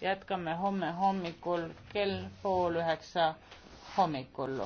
jätkame homme hommikul kell pool üheksa hommikul.